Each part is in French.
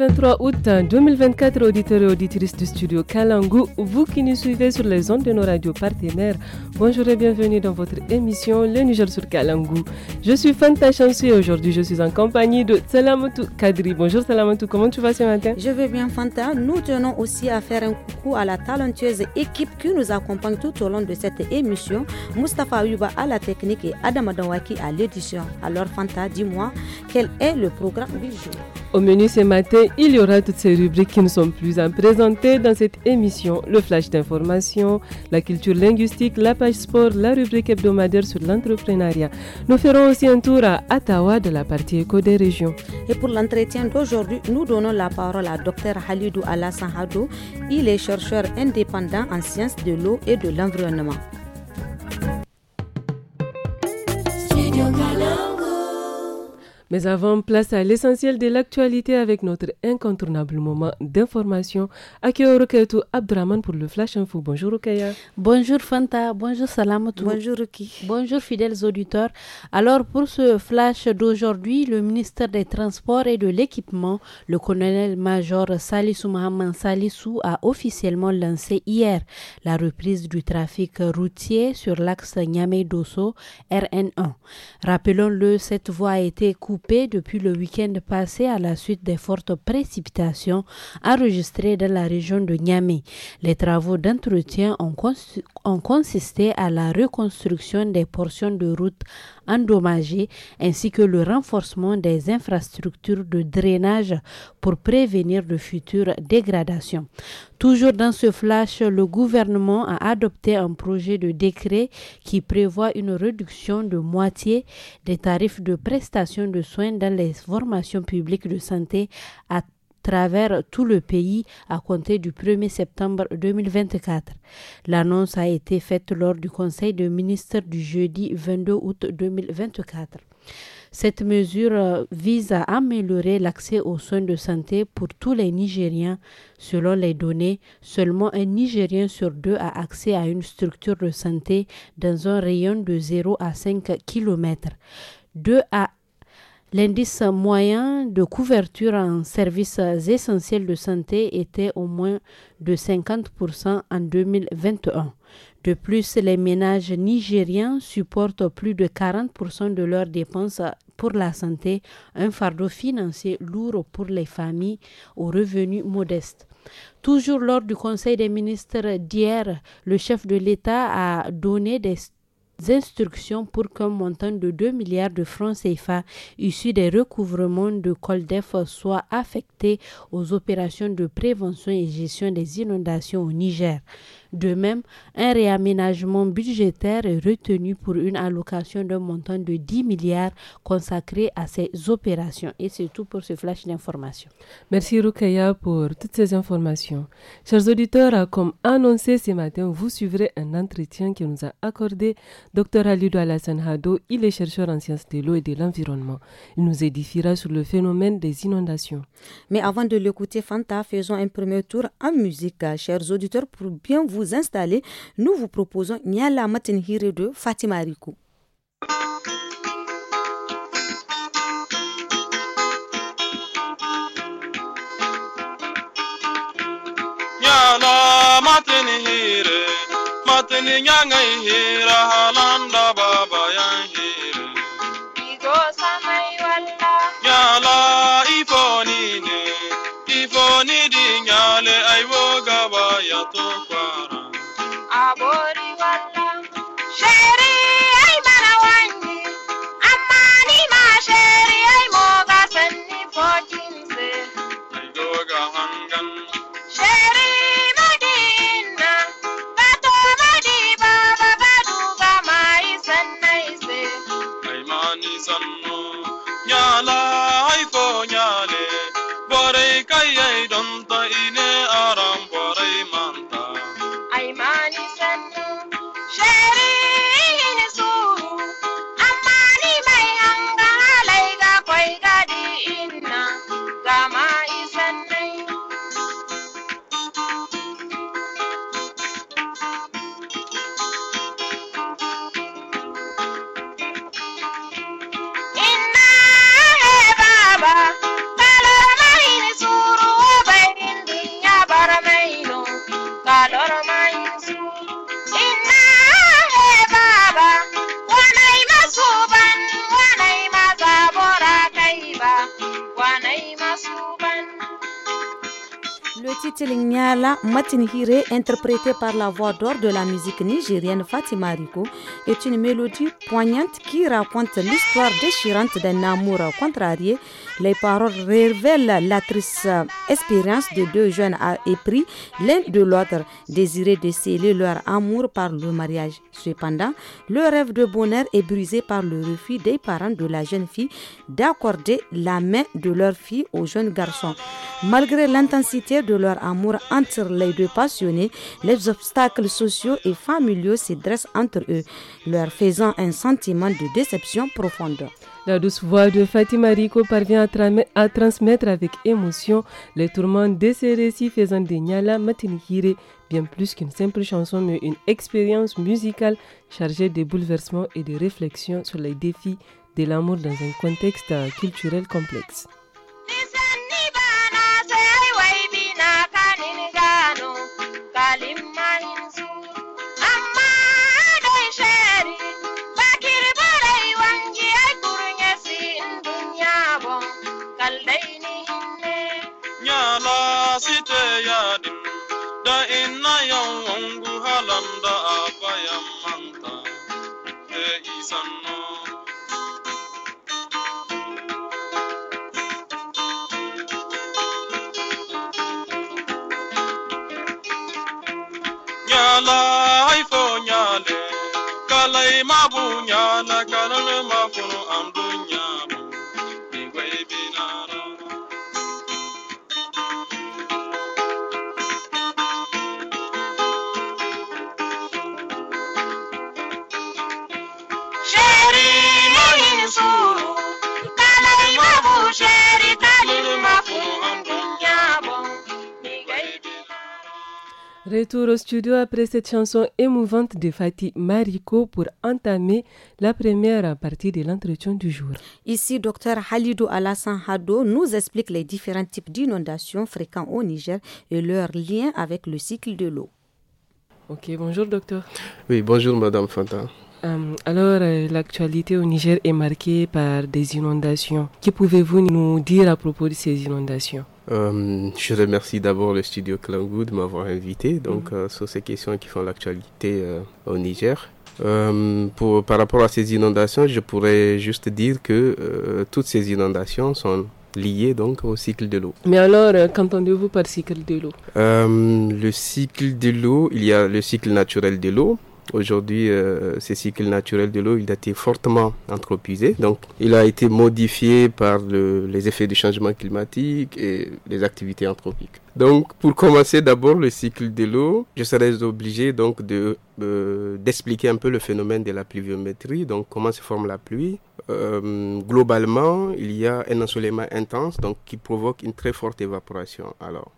23 août 2024, auditeurs et auditrices du studio Kalangu, vous qui nous suivez sur les ondes de nos radios partenaires, bonjour et bienvenue dans votre émission Le Niger sur Kalangu. Je suis Fanta Chansu et aujourd'hui je suis en compagnie de Salamatu Kadri. Bonjour Salamatu, comment tu vas ce matin Je vais bien Fanta. Nous tenons aussi à faire un coucou à la talentueuse équipe qui nous accompagne tout au long de cette émission. Mustapha Yuba à la technique et Adam Adamwaki à l'édition. Alors Fanta, dis-moi, quel est le programme du jour au menu ce matin, il y aura toutes ces rubriques qui ne sont plus à présenter dans cette émission. Le flash d'information, la culture linguistique, la page sport, la rubrique hebdomadaire sur l'entrepreneuriat. Nous ferons aussi un tour à Ottawa de la partie éco des régions. Et pour l'entretien d'aujourd'hui, nous donnons la parole à Dr Halidou Alassan Hadou. Il est chercheur indépendant en sciences de l'eau et de l'environnement. Mais avant, place à l'essentiel de l'actualité avec notre incontournable moment d'information. Akio Roketo Abdraman pour le Flash Info. Bonjour Rokaya. Bonjour Fanta, bonjour Salamatou. Bonjour Ruki. Bonjour fidèles auditeurs. Alors pour ce flash d'aujourd'hui, le ministère des Transports et de l'Équipement, le colonel-major Salissou Mohamed Salissou a officiellement lancé hier la reprise du trafic routier sur l'axe Niamey-Dosso RN1. Rappelons-le, cette voie a été coupée depuis le week-end passé à la suite des fortes précipitations enregistrées dans la région de Niamey. Les travaux d'entretien ont, ont consisté à la reconstruction des portions de route endommagés ainsi que le renforcement des infrastructures de drainage pour prévenir de futures dégradations. Toujours dans ce flash, le gouvernement a adopté un projet de décret qui prévoit une réduction de moitié des tarifs de prestations de soins dans les formations publiques de santé à travers tout le pays à compter du 1er septembre 2024. L'annonce a été faite lors du Conseil des ministres du jeudi 22 août 2024. Cette mesure euh, vise à améliorer l'accès aux soins de santé pour tous les Nigériens. Selon les données, seulement un Nigérien sur deux a accès à une structure de santé dans un rayon de 0 à 5 km. 2 à L'indice moyen de couverture en services essentiels de santé était au moins de 50% en 2021. De plus, les ménages nigériens supportent plus de 40% de leurs dépenses pour la santé, un fardeau financier lourd pour les familles aux revenus modestes. Toujours lors du Conseil des ministres d'hier, le chef de l'État a donné des instructions pour qu'un montant de 2 milliards de francs CFA issus des recouvrements de Coldef soit affecté aux opérations de prévention et gestion des inondations au Niger. De même, un réaménagement budgétaire est retenu pour une allocation d'un montant de 10 milliards consacré à ces opérations. Et c'est tout pour ce flash d'informations. Merci Rukaya pour toutes ces informations. Chers auditeurs, comme annoncé ce matin, vous suivrez un entretien que nous a accordé Dr Alido Alassane Hado. Il est chercheur en sciences de l'eau et de l'environnement. Il nous édifiera sur le phénomène des inondations. Mais avant de l'écouter, Fanta, faisons un premier tour en musique, chers auditeurs, pour bien vous vous installer, nous vous proposons Nyala Matenhire de Fatima riku Nyala Matinhire, Matinhanga Hira Halanda Baba Yanhire. Igo Samai Walla. Nyala Ifonide, Ifonide Nyale Aiwoga Baya Tukwara. name y más Le titre Lignala Matinhire, interprété par la voix d'or de la musique nigérienne Fatima Rico, est une mélodie poignante qui raconte l'histoire déchirante d'un amour contrarié. Les paroles révèlent la triste expérience de deux jeunes épris l'un de l'autre, désirés de sceller leur amour par le mariage. Cependant, le rêve de bonheur est brisé par le refus des parents de la jeune fille d'accorder la main de leur fille au jeune garçon. Malgré l'intensité de leur amour entre les deux passionnés, les obstacles sociaux et familiaux se dressent entre eux, leur faisant un sentiment de déception profonde. La douce voix de Fatima Rico parvient à, transmettre avec émotion les tourments de ces récits faisant de Nyala Matinikire bien plus qu'une simple chanson, mais une expérience musicale chargée de bouleversements et de réflexions sur les défis de l'amour dans un contexte culturel complexe. inna yon wongu halanda abayam manta e isanna Retour au studio après cette chanson émouvante de Fatih Mariko pour entamer la première partie de l'entretien du jour. Ici, docteur Halidou Alassane Hado nous explique les différents types d'inondations fréquents au Niger et leur lien avec le cycle de l'eau. Ok, bonjour docteur. Oui, bonjour madame Fanta. Euh, alors, euh, l'actualité au Niger est marquée par des inondations. Que pouvez-vous nous dire à propos de ces inondations euh, je remercie d'abord le studio Klangwood de m'avoir invité donc, mm. euh, sur ces questions qui font l'actualité euh, au Niger. par rapport à ces inondations, je pourrais juste dire que toutes ces inondations sont liées donc au cycle de l'eau. Mais alors, qu'entendez-vous par cycle de l'eau Le cycle de l'eau, il y a le cycle naturel de l'eau, Aujourd'hui, euh, ce cycle naturel de l'eau, il a été fortement anthropisé. Donc, il a été modifié par les effets du changement climatique et les activités anthropiques. Donc, pour commencer d'abord le cycle de l'eau, je serais obligé donc de euh, d'expliquer un peu le phénomène de la pluviométrie, donc comment se forme la pluie. Euh, globalement, il y a un ensoleillement intense, donc qui provoque une très forte évaporation. Alors,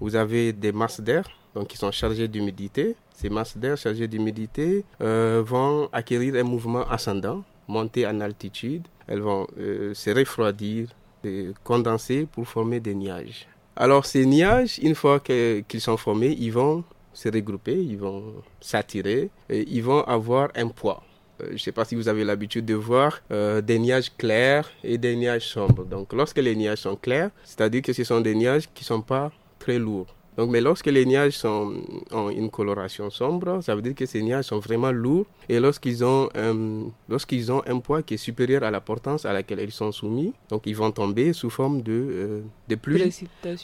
vous avez des masses d'air, donc qui sont chargées d'humidité, ces masses d'air chargées d'humidité euh, vont acquérir un mouvement ascendant, monter en altitude. Elles vont euh, se refroidir, se condenser pour former des nuages. Alors ces nuages, une fois qu'ils sont formés, ils vont se regrouper, ils vont s'attirer, et ils vont avoir un poids euh, je ne sais pas si vous avez l'habitude de voir des nuages clairs et des nuages sombres. Donc lorsque les nuages sont clairs, c'est-à-dire que ce sont des nuages qui ne sont pas très lourds mais lorsque les nuages sont, ont une coloration sombre, ça veut dire que ces nuages sont vraiment lourds et lorsqu'ils ont, euh, lorsqu'ils ont un poids qui est supérieur à la portance à laquelle ils sont soumis, donc ils vont tomber sous forme de, euh, pluie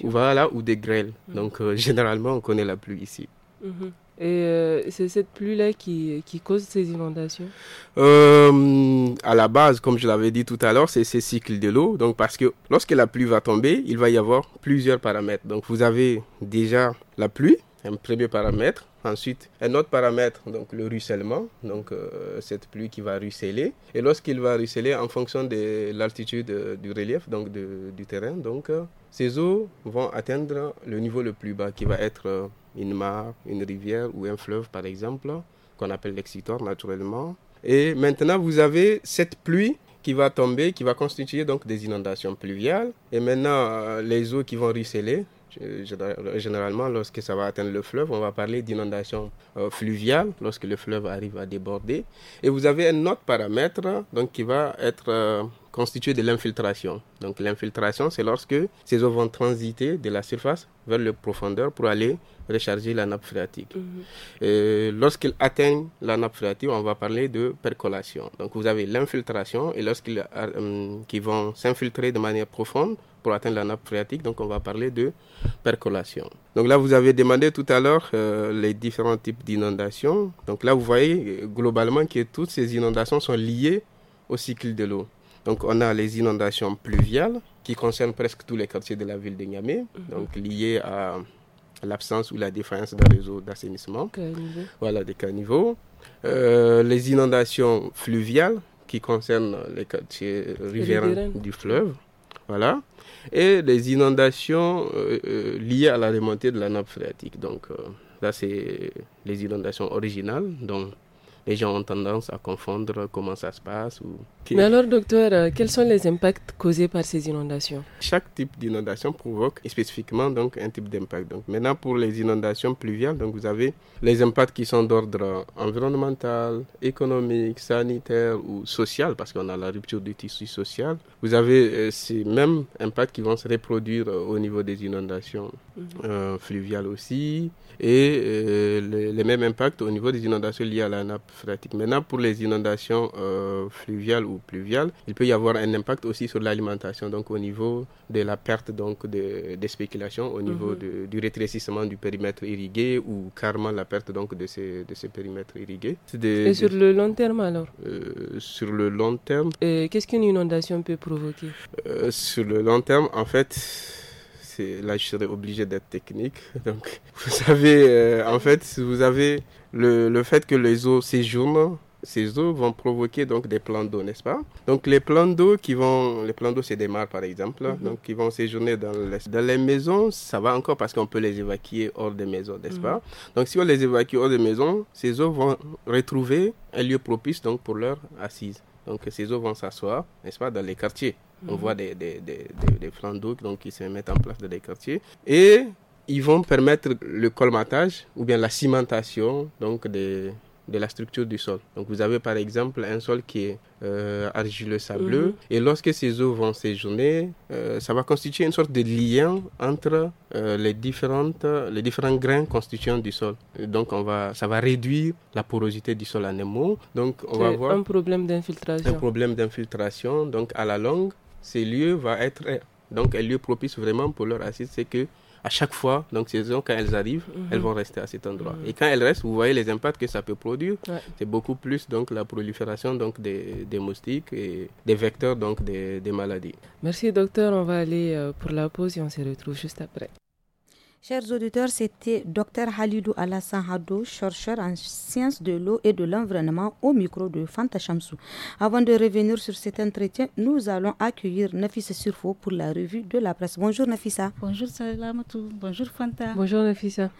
ou, voilà, ou de grêles. Mmh. Donc euh, généralement, on connaît la pluie ici. Mmh et euh, c'est cette pluie-là qui, cause ces inondations euh, À la base, comme je l'avais dit tout à l'heure, c'est ces cycles de l'eau. Donc, parce que lorsque la pluie va tomber, il va y avoir plusieurs paramètres. Donc, vous avez déjà la pluie, un premier paramètre. Ensuite, un autre paramètre, donc le ruissellement, donc euh, cette pluie qui va ruisseler. Et lorsqu'il va ruisseler, en fonction de l'altitude du relief, donc du terrain, donc ces eaux vont atteindre le niveau le plus bas, qui va être une mare, une rivière ou un fleuve par exemple, qu'on appelle l'excitoire naturellement. Et maintenant, vous avez cette pluie qui va tomber, qui va constituer donc des inondations pluviales. Et maintenant, euh, les eaux qui vont ruisseler, euh, généralement lorsque ça va atteindre le fleuve, on va parler d'inondation euh, fluviale lorsque le fleuve arrive à déborder. Et vous avez un autre paramètre donc qui va être constitué de l'infiltration. Donc l'infiltration, c'est lorsque ces eaux vont transiter de la surface vers la profondeur pour aller recharger la nappe phréatique. Mhm. Euh, lorsqu'ils atteignent la nappe phréatique, on va parler de percolation. Donc vous avez l'infiltration et lorsqu'ils euh, qui vont s'infiltrer de manière profonde pour atteindre la nappe phréatique, donc on va parler de percolation. Donc là, vous avez demandé tout à l'heure euh, les différents types d'inondations. Donc là, vous voyez globalement que toutes ces inondations sont liées au cycle de l'eau. Donc on a les inondations pluviales qui concernent presque tous les quartiers de la ville de Niamey, mhm. donc liées à l'absence ou la défaillance d'un réseau d'assainissement. Voilà, des caniveaux. Euh, les inondations fluviales qui concernent les quartiers riverains du fleuve. Voilà. Et les inondations euh, euh, liées à la remontée de la nappe phréatique. Donc, là, c'est les inondations originales. Donc, les gens ont tendance à confondre comment ça se passe. Ou... Mais alors, docteur, euh, quels sont les impacts causés par ces inondations Chaque type d'inondation provoque spécifiquement donc, un type d'impact. Donc, maintenant, pour les inondations pluviales, donc, vous avez les impacts qui sont d'ordre environnemental, économique, sanitaire ou social, parce qu'on a la rupture du tissu social. Vous avez euh, ces mêmes impacts qui vont se reproduire euh, au niveau des inondations mhm. euh, fluviales aussi, et les mêmes impacts au niveau des inondations liées à la nappe Maintenant, pour les inondations euh, fluviales ou pluviales, il peut y avoir un impact aussi sur l'alimentation, donc au niveau de la perte donc, de, des spéculations, au niveau mhm. du rétrécissement du périmètre irrigué ou carrément la perte donc, de, ces, de ces périmètres irrigués. Et euh, sur le long terme alors Sur le long terme. Qu'est-ce qu'une inondation peut provoquer euh, Sur le long terme, en fait là, je serais obligé d'être technique. Donc, vous savez, euh, en fait, si vous avez le, le fait que les eaux séjournent, ces eaux vont provoquer donc des plans d'eau, n'est-ce pas Donc les plans d'eau qui vont, les plans d'eau c'est des mares par exemple, mhm. donc qui vont séjourner dans les, dans les maisons, ça va encore parce qu'on peut les évacuer hors des maisons, n'est-ce mhm. pas Donc si on les évacue hors des maisons, ces eaux vont retrouver un lieu propice donc pour leur assise. Donc ces eaux vont s'asseoir, n'est-ce pas, dans les quartiers. On mhm. voit des, des, des, des flancs d'eau donc, qui se mettent en place dans des quartiers. Et ils vont permettre le colmatage ou bien la cimentation donc de la structure du sol. Donc vous avez par exemple un sol qui est euh, argileux sableux mhm. et lorsque ces eaux vont séjourner, euh, ça va constituer une sorte de lien entre euh, les, différentes, les différents grains constituants du sol. donc on va, ça va réduire la porosité du sol en Donc on va avoir un problème d'infiltration. Un problème d'infiltration. Donc à la longue, ces lieux va être donc un lieu propice vraiment pour leur assise. C'est que à chaque fois, donc saison, quand elles arrivent, mhm. elles vont rester à cet endroit. Mhm. Et quand elles restent, vous voyez les impacts que ça peut produire. C'est beaucoup plus donc la prolifération donc des, des moustiques et des vecteurs donc des, des maladies. Merci docteur, on va aller euh, pour la pause et on se retrouve juste après. Chers auditeurs, c'était Dr Halidou Alassane Hado, chercheur en sciences de l'eau et de l'environnement au micro de Fanta Chamsou. Avant de revenir sur cet entretien, nous allons accueillir Nafisa Surfo pour la revue de la presse. Bonjour Nafisa. Bonjour Salamatou. Bonjour Fanta. Bonjour Nafisa.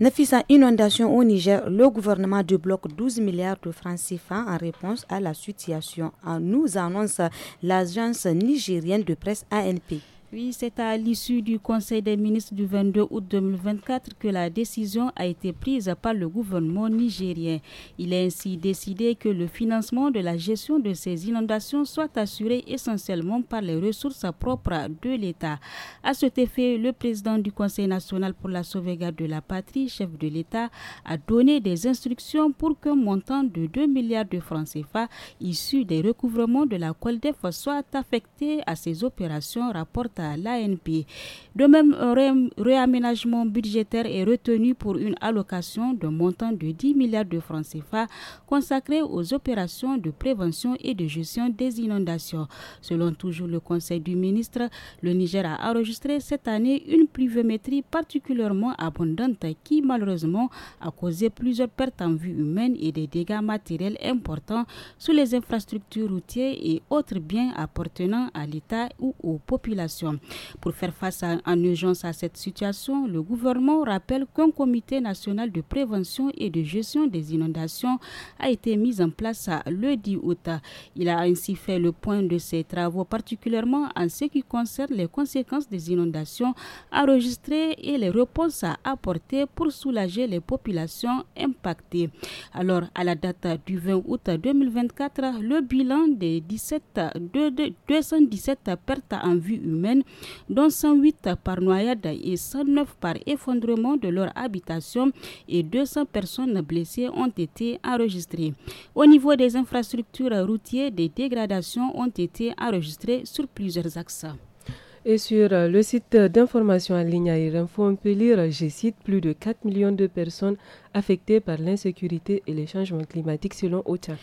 Nafisa, inondation au Niger, le gouvernement débloque 12 milliards de francs CFA en réponse à la situation. Ah, nous annonce l'agence nigérienne de presse ANP. Oui, c'est à l'issue du Conseil des ministres du 22 août 2024 que la décision a été prise par le gouvernement nigérien. Il a ainsi décidé que le financement de la gestion de ces inondations soit assuré essentiellement par les ressources propres de l'État. À cet effet, le président du Conseil national pour la sauvegarde de la patrie, chef de l'État, a donné des instructions pour qu'un montant de 2 milliards de francs CFA issus des recouvrements de la COLDEF soit affecté à ces opérations rapportées à l'ANP. De même, un réaménagement budgétaire est retenu pour une allocation d'un montant de 10 milliards de francs CFA consacré aux opérations de prévention et de gestion des inondations. Selon toujours le Conseil du ministre, le Niger a enregistré cette année une pluviométrie particulièrement abondante qui malheureusement a causé plusieurs pertes en vue humaine et des dégâts matériels importants sur les infrastructures routières et autres biens appartenant à l'État ou aux populations. Pour faire face en urgence à cette situation, le gouvernement rappelle qu'un comité national de prévention et de gestion des inondations a été mis en place le 10 août. Il a ainsi fait le point de ses travaux, particulièrement en ce qui concerne les conséquences des inondations enregistrées et les réponses à apporter pour soulager les populations impactées. Alors, à la date du 20 août 2024, le bilan des 17, 217 pertes en vue humaine dont 108 par noyade et 109 par effondrement de leur habitation et 200 personnes blessées ont été enregistrées. Au niveau des infrastructures routières, des dégradations ont été enregistrées sur plusieurs axes. Et sur euh, le site d'information en ligne Airinfo, on peut lire, je cite, plus de 4 millions de personnes affectées par l'insécurité et les changements climatiques selon OCHA.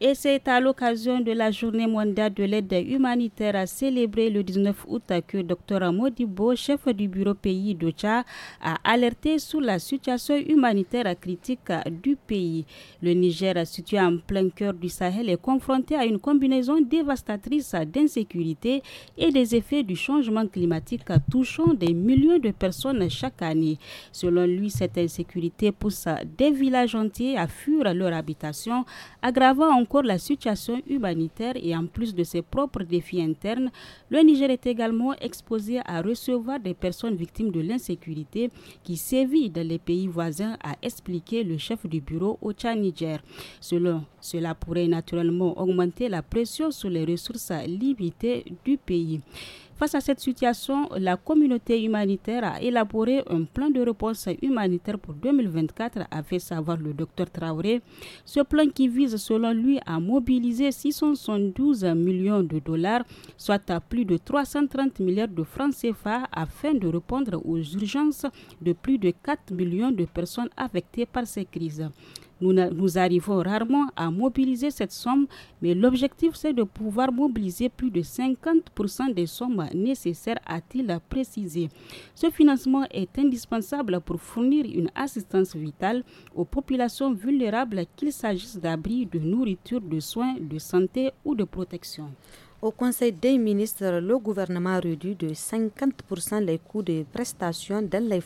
Et c'est à l'occasion de la journée mondiale de l'aide humanitaire à célébrer le 19 août que Dr Modibo, chef du bureau pays d'Ocha, a alerté sur la situation humanitaire critique du pays. Le Niger, situé en plein cœur du Sahel, est confronté à une combinaison dévastatrice d'insécurité et des effets du changement climatique touchant des millions de personnes chaque année. Selon lui, cette insécurité pousse des villages entiers à fuir leur habitation, aggravant en encore la situation humanitaire et en plus de ses propres défis internes, le Niger est également exposé à recevoir des personnes victimes de l'insécurité qui sévit dans les pays voisins, a expliqué le chef du bureau au Tchad Niger. Selon cela pourrait naturellement augmenter la pression sur les ressources limitées du pays. Face à cette situation, la communauté humanitaire a élaboré un plan de réponse humanitaire pour 2024, a fait savoir le docteur Traoré. Ce plan qui vise, selon lui, à mobiliser 672 millions de dollars, soit à plus de 330 milliards de francs CFA, afin de répondre aux urgences de plus de 4 millions de personnes affectées par ces crises. Nous, arrivons rarement à mobiliser cette somme, mais l'objectif c'est de pouvoir mobiliser plus de 50% des sommes nécessaires, a-t-il précisé. Ce financement est indispensable pour fournir une assistance vitale aux populations vulnérables, qu'il s'agisse d'abris, de nourriture, de soins, de santé ou de protection. Au Conseil des ministres, le gouvernement réduit de 50% les coûts de prestations dans les,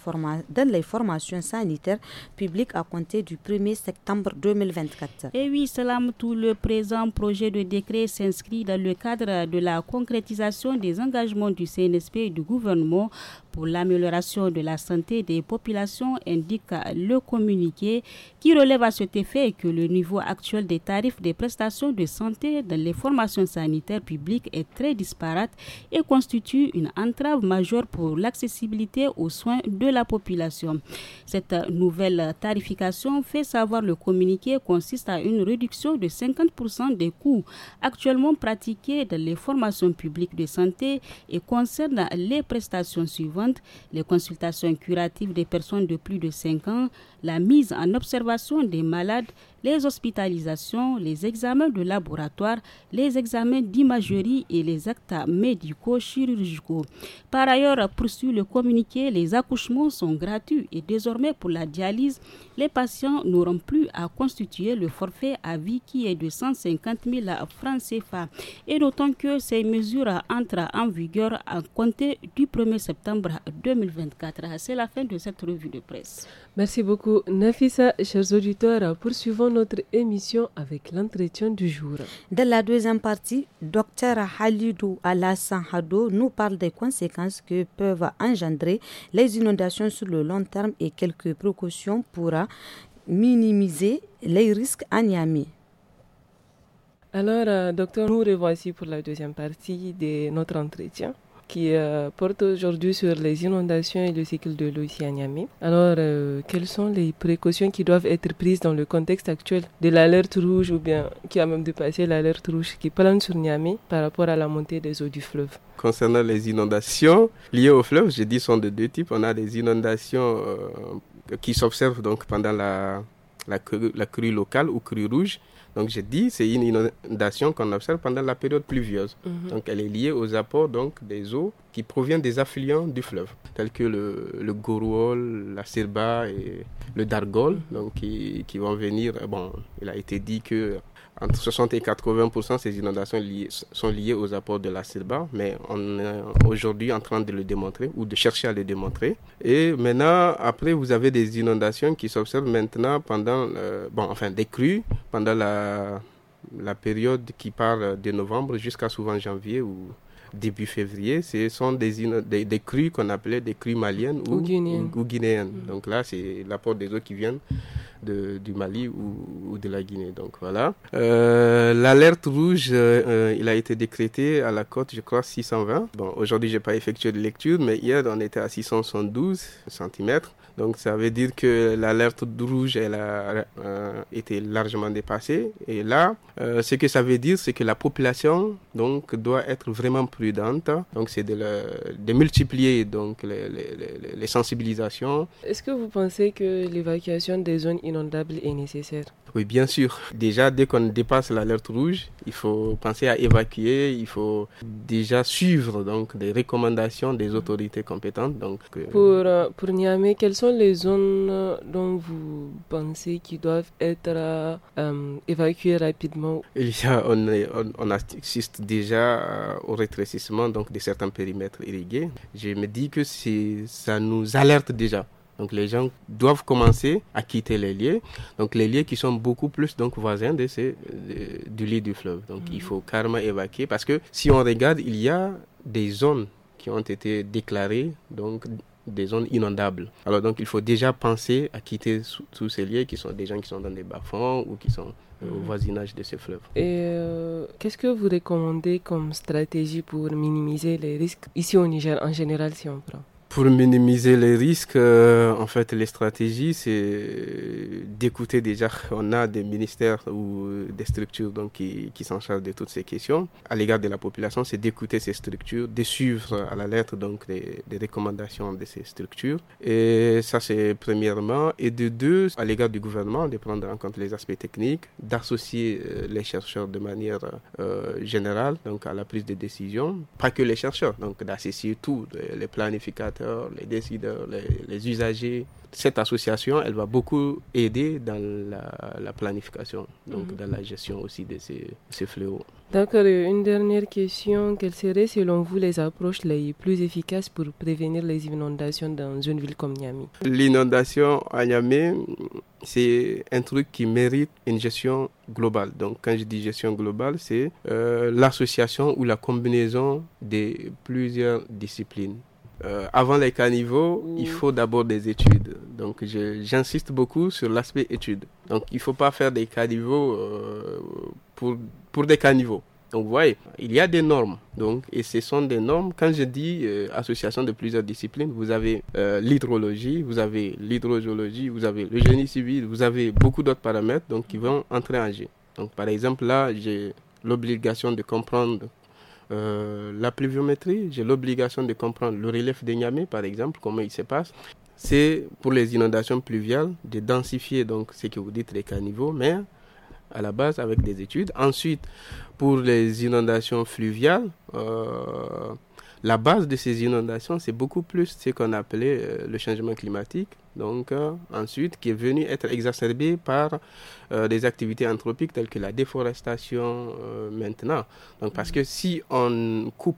dans les, formations sanitaires publiques à compter du 1er septembre 2024. Et eh oui, Salam, tout le présent projet de décret s'inscrit dans le cadre de la concrétisation des engagements du CNSP et du gouvernement pour l'amélioration de la santé des populations, indique le communiqué qui relève à cet effet que le niveau actuel des tarifs des prestations de santé dans les formations sanitaires publiques est très disparate et constitue une entrave majeure pour l'accessibilité aux soins de la population. Cette nouvelle tarification fait savoir le communiqué consiste à une réduction de 50% des coûts actuellement pratiqués dans les formations publiques de santé et concerne les prestations suivantes, les consultations curatives des personnes de plus de 5 ans, la mise en observation des malades, les hospitalisations, les examens de laboratoire, les examens d'imagerie et les actes médicaux chirurgicaux. Par ailleurs, poursuit le communiqué, les accouchements sont gratuits et désormais pour la dialyse, les patients n'auront plus à constituer le forfait à vie qui est de 150 000 francs CFA. Et d'autant que ces mesures entrent en vigueur à compter du 1er septembre 2024. C'est la fin de cette revue de presse. Merci beaucoup, Nafisa, Chers auditeurs, poursuivons notre émission avec l'entretien du jour. Dans la deuxième partie, docteur Halidou Alassane Hado nous parle des conséquences que peuvent engendrer les inondations sur le long terme et quelques précautions pour minimiser les risques à Niamey. Alors, euh, docteur, nous revoici pour la deuxième partie de notre entretien qui euh, porte aujourd'hui sur les inondations et le cycle de l'eau ici à Niamey. Alors, euh, quelles sont les précautions qui doivent être prises dans le contexte actuel de l'alerte rouge ou bien qui a même dépassé l'alerte rouge qui plane sur Niamey par rapport à la montée des eaux du fleuve Concernant les inondations liées au fleuve, j'ai dit sont de deux types. On a des inondations euh, qui s'observent donc pendant la, la crue locale ou crue rouge donc j'ai dit, c'est une inondation qu'on observe pendant la période pluvieuse. Mhm. Donc elle est liée aux apports donc, des eaux qui proviennent des affluents du fleuve, tels que le, Gorouol, la Sirba et le Dargol, mhm. donc, qui, qui vont venir. Bon, il a été dit que entre 60 et 80 ces inondations liées, sont liées aux apports de la SILBA, mais on est aujourd'hui en train de le démontrer ou de chercher à le démontrer. Et maintenant, après, vous avez des inondations qui s'observent maintenant pendant, euh, bon, enfin, des crues pendant la, la période qui part de novembre jusqu'à souvent janvier ou début février, ce sont des, des, crues qu'on appelait des crues maliennes ou, ou guinéennes. Mm. Donc là, c'est l'apport des eaux qui viennent de, du Mali ou, de la Guinée. Donc voilà. Euh, l'alerte rouge, euh, il a été décrété à la côte, je crois, 620. Bon, aujourd'hui, j'ai pas effectué de lecture, mais hier, on était à 672 cm. Donc ça veut dire que l'alerte rouge, elle a euh, été largement dépassée. Et là, euh, ce que ça veut dire, c'est que la population donc doit être vraiment prudente. Donc c'est de, multiplier donc les, sensibilisations. Est-ce que vous pensez que l'évacuation des zones inondables est nécessaire Oui, bien sûr. Déjà, dès qu'on dépasse l'alerte rouge, il faut penser à évacuer. Il faut déjà suivre donc des recommandations des autorités compétentes. Donc pour euh, pour Niamey, quelles sont les zones euh, dont vous pensez qui doivent être euh, euh évacuées rapidement Il y on, assiste déjà euh, au rétrécissement donc, de certains périmètres irrigués. Je me dis que ça nous alerte déjà. Donc les gens doivent commencer à quitter les lieux. Donc les lieux qui sont beaucoup plus donc voisins de ces, du lit du fleuve. Donc il mm. faut carrément évacuer parce que si on regarde, il y a des zones qui ont été déclarées donc des zones inondables. Alors donc il faut déjà penser à quitter tous ces lieux qui sont des gens qui sont dans des bas-fonds ou qui sont euh, au mhm. voisinage de ces fleuves. Et euh, qu'est-ce que vous recommandez comme stratégie pour minimiser les risques ici au Niger en général si on prend pour minimiser les risques, euh, en fait, les stratégies, c'est d'écouter déjà. On a des ministères ou euh, des structures donc, qui, qui s'en chargent de toutes ces questions. À l'égard de la population, c'est d'écouter ces structures, de suivre à la lettre donc les, recommandations de ces structures. Et ça, c'est premièrement. Et de deux, à l'égard du gouvernement, de prendre en compte les aspects techniques, d'associer euh, les chercheurs de manière générale donc à la prise de décision. Pas que les chercheurs, donc d'associer tous les planificateurs les décideurs, les, usagers. Cette association, elle va beaucoup aider dans la, planification, donc mhm. dans la gestion aussi de ces, fléaux. D'accord, euh, une dernière question. Quelles seraient selon vous les approches les plus efficaces pour prévenir les inondations dans une ville comme Niamey L'inondation à Niamey, c'est un truc qui mérite une gestion globale. Donc quand je dis gestion globale, c'est euh, l'association ou la combinaison de plusieurs disciplines euh, avant les caniveaux, il mm. faut d'abord des études. Donc j'insiste beaucoup sur l'aspect études. Donc il ne faut pas faire des caniveaux euh, pour, pour des caniveaux. Donc vous voyez, il y a des normes. Donc, et ce sont des normes, quand je dis euh, association de plusieurs disciplines, vous avez euh, l'hydrologie, vous avez l'hydrogéologie, vous avez le génie civil, vous avez beaucoup d'autres paramètres donc, qui vont entrer en jeu. Donc par exemple là, j'ai l'obligation de comprendre euh, la pluviométrie, j'ai l'obligation de comprendre le relief des Nyamé, par exemple, comment il se passe. C'est pour les inondations pluviales de densifier donc ce que vous dites les caniveaux, mais à la base avec des études. Ensuite, pour les inondations fluviales, euh, la base de ces inondations, c'est beaucoup plus ce qu'on appelait euh, le changement climatique. Donc, euh, ensuite, qui est venu être exacerbé par euh, des activités anthropiques telles que la déforestation maintenant. Donc, parce que si on coupe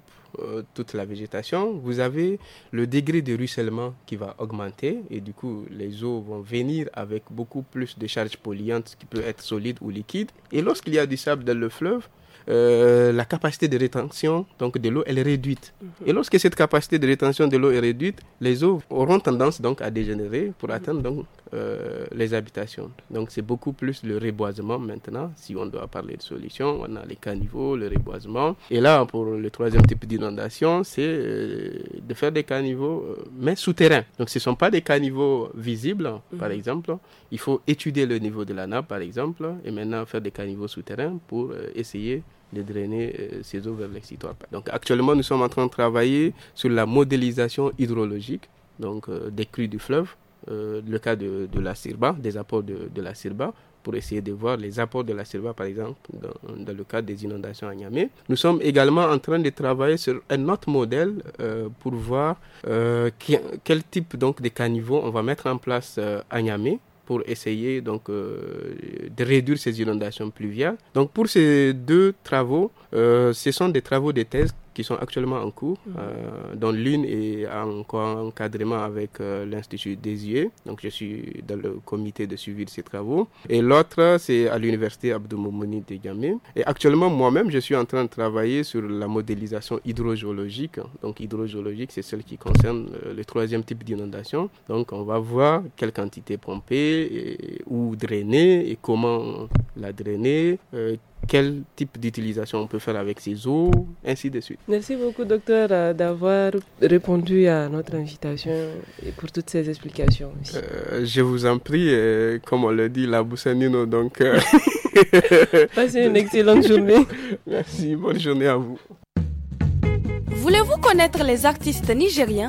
toute la végétation, vous avez le degré de ruissellement qui va augmenter et du coup les eaux vont venir avec beaucoup plus de charges polluantes qui peuvent être solides ou liquides. Et lorsqu'il y a du sable dans le fleuve, euh, la capacité de rétention donc, de l'eau, elle est réduite. Mhm. Et lorsque cette capacité de rétention de l'eau est réduite, les eaux auront tendance donc, à dégénérer pour mhm. atteindre donc, euh, les habitations. Donc c'est beaucoup plus le reboisement maintenant. Si on doit parler de solution, on a les caniveaux, le reboisement. Et là, pour le troisième type d'inondation, c'est euh, de faire des caniveaux, mais souterrains. Donc ce ne sont pas des caniveaux visibles, mhm. par exemple. Il faut étudier le niveau de la nappe, par exemple, et maintenant faire des caniveaux souterrains pour essayer de drainer euh, ces eaux vers l'exitoire. Donc actuellement, nous sommes en train de travailler sur la modélisation hydrologique donc, euh, des crues du fleuve, euh, le cas de, la Sirba, des apports de, la Sirba, pour essayer de voir les apports de la Sirba, par exemple, dans, le cas des inondations à Niamey. Nous sommes également en train de travailler sur un autre modèle pour voir quel type donc, de caniveau on va mettre en place à Niamey pour essayer donc euh, de réduire ces inondations pluviales. Donc pour ces deux travaux, euh, ce sont des travaux de thèse qui sont actuellement en cours, mm. euh, dont l'une est en encadrement avec euh, l'Institut l'Institut Eaux, Donc, je suis dans le comité de suivi de ces travaux. Et l'autre, c'est à l'Université Abdou Moumouni de Gamé. Et actuellement, moi-même, je suis en train de travailler sur la modélisation hydrogéologique. Donc, hydrogéologique, c'est celle qui concerne euh, le troisième type d'inondation. Donc, on va voir quelle quantité pomper, où ou drainer, et comment la drainer, quel type d'utilisation on peut faire avec ces eaux, ainsi de suite. Merci beaucoup, docteur, euh, d'avoir répondu à notre invitation et pour toutes ces explications. Euh, je vous en prie, euh, comme on le dit, la Boussanino, donc... Passez une excellente journée. Merci, bonne journée à vous. Voulez-vous connaître les artistes nigériens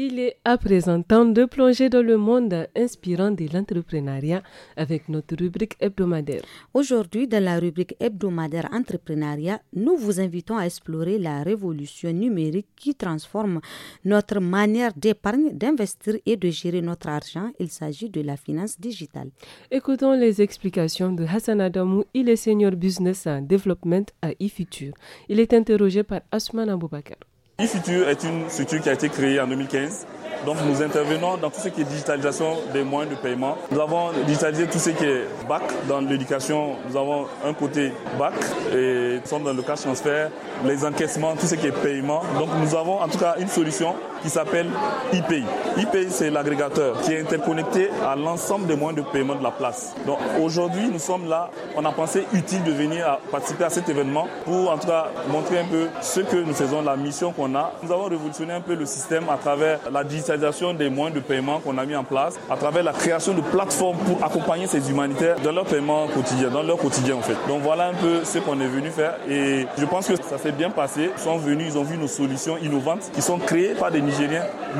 Il est à présent temps de plonger dans le monde inspirant de l'entrepreneuriat avec notre rubrique hebdomadaire. Aujourd'hui, dans la rubrique hebdomadaire entrepreneuriat, nous vous invitons à explorer la révolution numérique qui transforme notre manière d'épargne, d'investir et de gérer notre argent. Il s'agit de la finance digitale. Écoutons les explications de Hassan Adamou. Il est senior business and development à eFuture. Il est interrogé par Asman Aboubakar e future est une structure qui a été créée en 2015. Donc nous intervenons dans tout ce qui est digitalisation des moyens de paiement. Nous avons digitalisé tout ce qui est BAC dans l'éducation. Nous avons un côté BAC et nous sommes dans le cash transfert, les encaissements, tout ce qui est paiement. Donc nous avons en tout cas une solution qui s'appelle IPI. IPI, c'est l'agrégateur qui est interconnecté à l'ensemble des moyens de paiement de la place. Donc aujourd'hui, nous sommes là, on a pensé utile de venir à participer à cet événement pour en tout cas montrer un peu ce que nous faisons, la mission qu'on a. Nous avons révolutionné un peu le système à travers la digitalisation des moyens de paiement qu'on a mis en place, à travers la création de plateformes pour accompagner ces humanitaires dans leur paiement quotidien, dans leur quotidien en fait. Donc voilà un peu ce qu'on est venu faire et je pense que ça s'est bien passé. Ils sont venus, ils ont vu nos solutions innovantes qui sont créées par des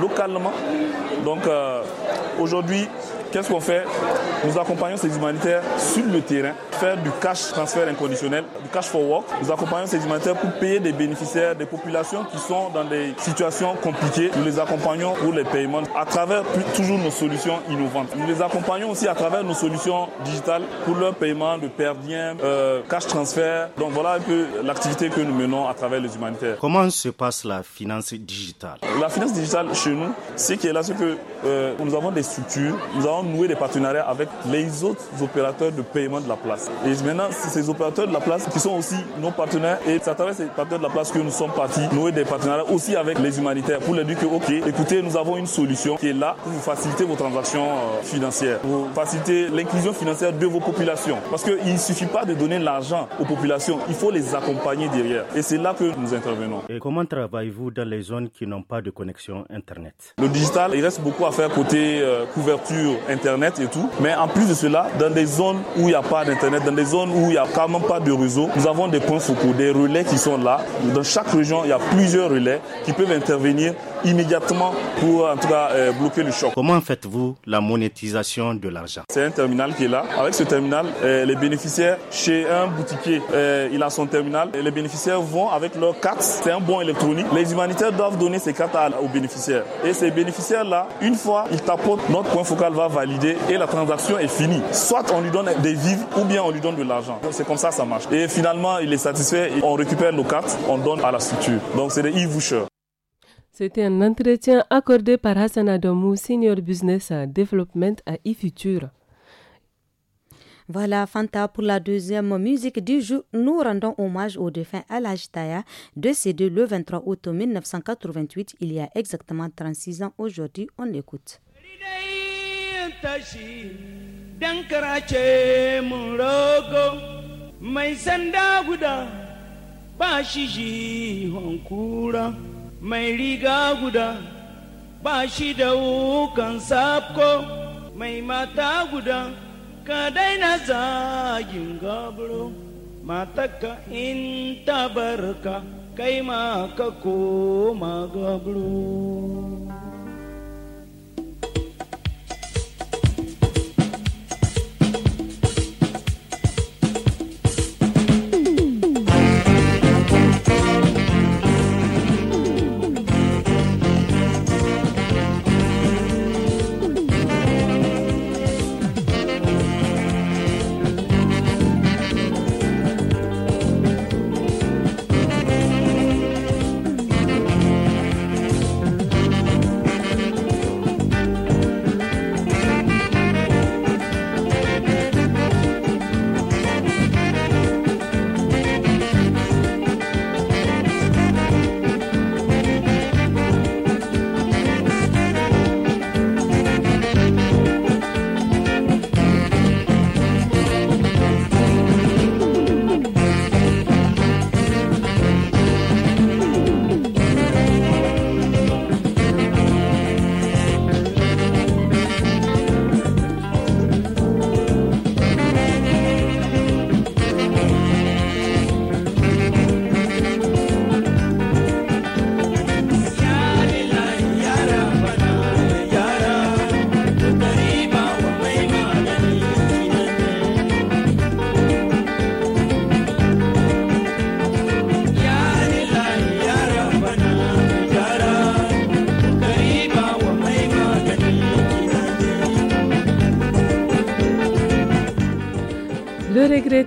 localement. Donc euh, aujourd'hui, Qu'est-ce qu'on fait Nous accompagnons ces humanitaires sur le terrain, faire du cash transfert inconditionnel, du cash for work. Nous accompagnons ces humanitaires pour payer des bénéficiaires, des populations qui sont dans des situations compliquées. Nous les accompagnons pour les paiements à travers toujours nos solutions innovantes. Nous les accompagnons aussi à travers nos solutions digitales pour leur paiement de perdiens, euh, cash transfert. Donc voilà un peu l'activité que nous menons à travers les humanitaires. Comment se passe la finance digitale La finance digitale chez nous, c'est a ce que euh, nous avons des structures, nous avons nouer des partenariats avec les autres opérateurs de paiement de la place. Et maintenant, ces opérateurs de la place qui sont aussi nos partenaires et c'est à travers ces partenaires de la place que nous sommes partis nouer des partenariats aussi avec les humanitaires pour leur dire que, OK, écoutez, nous avons une solution qui est là pour vous faciliter vos transactions euh, financières, pour faciliter l'inclusion financière de vos populations. Parce qu'il ne suffit pas de donner l'argent aux populations, il faut les accompagner derrière. Et c'est là que nous intervenons. Et comment travaillez-vous dans les zones qui n'ont pas de connexion Internet Le digital, il reste beaucoup à faire côté euh, couverture Internet et tout. Mais en plus de cela, dans des zones où il n'y a pas d'Internet, dans des zones où il n'y a quand même pas de réseau, nous avons des points focaux, des relais qui sont là. Dans chaque région, il y a plusieurs relais qui peuvent intervenir immédiatement pour en tout cas euh, bloquer le choc. Comment faites-vous la monétisation de l'argent C'est un terminal qui est là. Avec ce terminal, euh, les bénéficiaires chez un boutiquier, euh, il a son terminal. Et les bénéficiaires vont avec leurs cartes. C'est un bon électronique. Les humanitaires doivent donner ces cartes aux bénéficiaires. Et ces bénéficiaires là, une fois ils tapotent notre point focal va validé et la transaction est finie. Soit on lui donne des vivres ou bien on lui donne de l'argent. C'est comme ça ça marche. Et finalement, il est satisfait on récupère nos cartes, on donne à la structure. Donc c'est des e-vouchers. C'était un entretien accordé par Hassan Adomou, Senior Business Development à e-future. Voilà, Fanta, pour la deuxième musique du jour, nous rendons hommage au défunt de de décédé le 23 août 1988, il y a exactement 36 ans aujourd'hui. On l'écoute. tashi dan karace mun rogo mai sanda guda ba shi jihon kura mai riga guda ba shi da wukan sabko mai mata guda ka daina zagin gabro mataka in tabarka kai ma ka koma gabro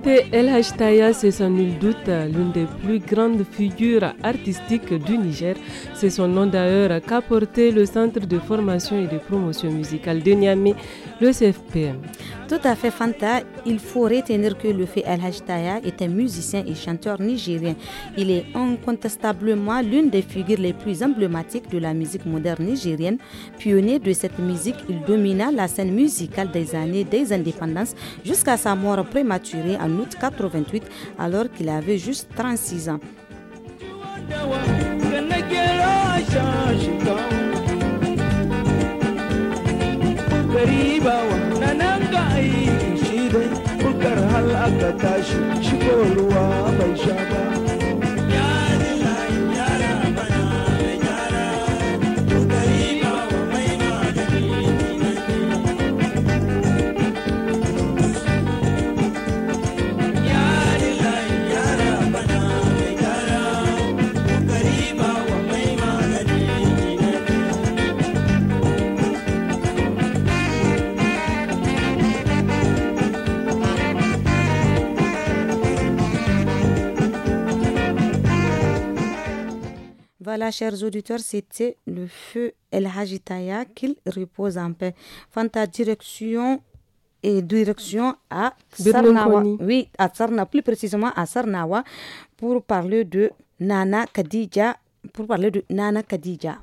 El Hachtaya c'est sans nul doute l'une des plus grandes figures artistiques du Niger. C'est son nom d'ailleurs qu'a porté le Centre de formation et de promotion musicale de Niamey, le CFPM. Tout à fait, Fanta. Il faut retenir que le fait e El Hashtaya est un musicien et chanteur nigérien. Il est incontestablement l'une des figures les plus emblématiques de la musique moderne nigérienne. Pionnier de cette musique, il domina la scène musicale des années des indépendances jusqu'à sa mort prématurée en août 88 alors qu'il avait juste 36 ans. Voilà, chers auditeurs, c'était le feu El Hajitaya, qu'il repose en paix. Fanta direction et direction à Sarnawa. Oui, Sarnawa, plus précisément à Sarnawa, pour parler de Nana Kadija, pour parler de Nana Kadija.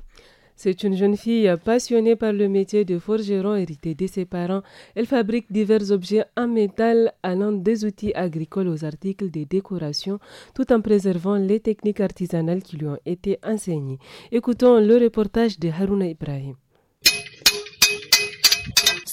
C'est une jeune fille passionnée par le métier de forgeron hérité de ses parents. Elle fabrique divers objets en métal allant des outils agricoles aux articles de décoration tout en préservant les techniques artisanales qui lui ont été enseignées. Écoutons le reportage de Haruna Ibrahim.